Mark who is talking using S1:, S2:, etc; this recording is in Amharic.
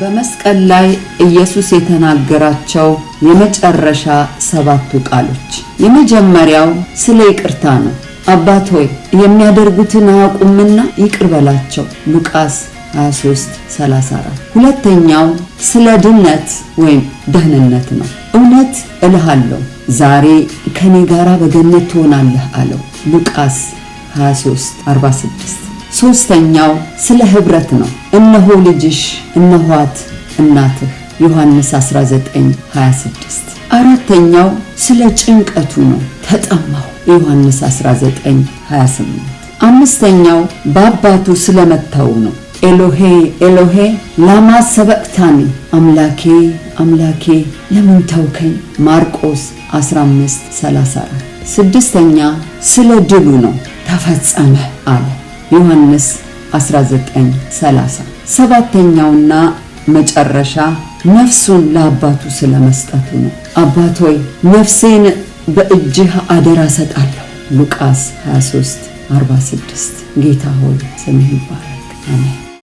S1: በመስቀል ላይ ኢየሱስ የተናገራቸው የመጨረሻ ሰባቱ ቃሎች። የመጀመሪያው ስለ ይቅርታ ነው። አባት ሆይ የሚያደርጉትን አያውቁምና ይቅር በላቸው ሉቃስ 23:34። ሁለተኛው ስለ ድነት ወይም ደህንነት ነው። እውነት እልሃለሁ ዛሬ ከኔ ጋራ በገነት ትሆናለህ አለው ሉቃስ 23:46 ሶስተኛው ስለ ህብረት ነው። እነሆ ልጅሽ፣ እነኋት እናትህ ዮሐንስ 19:26። አራተኛው ስለ ጭንቀቱ ነው። ተጠማሁ ዮሐንስ 19:28። አምስተኛው በአባቱ ስለመታው ነው። ኤሎሄ ኤሎሄ ላማ ሰበቅታኒ፣ አምላኬ አምላኬ ለምን ተውከኝ? ማርቆስ 15:34። ስድስተኛ ስለ ድሉ ነው። ተፈጸመ አለ። ዮሐንስ 19:30 ሰባተኛውና መጨረሻ ነፍሱን ለአባቱ ስለመስጠቱ ነው። አባት ሆይ ነፍሴን በእጅህ አደራ ሰጣለሁ። ሉቃስ 23:46 ጌታ ሆይ ስምህ ይባረክ። አሜን።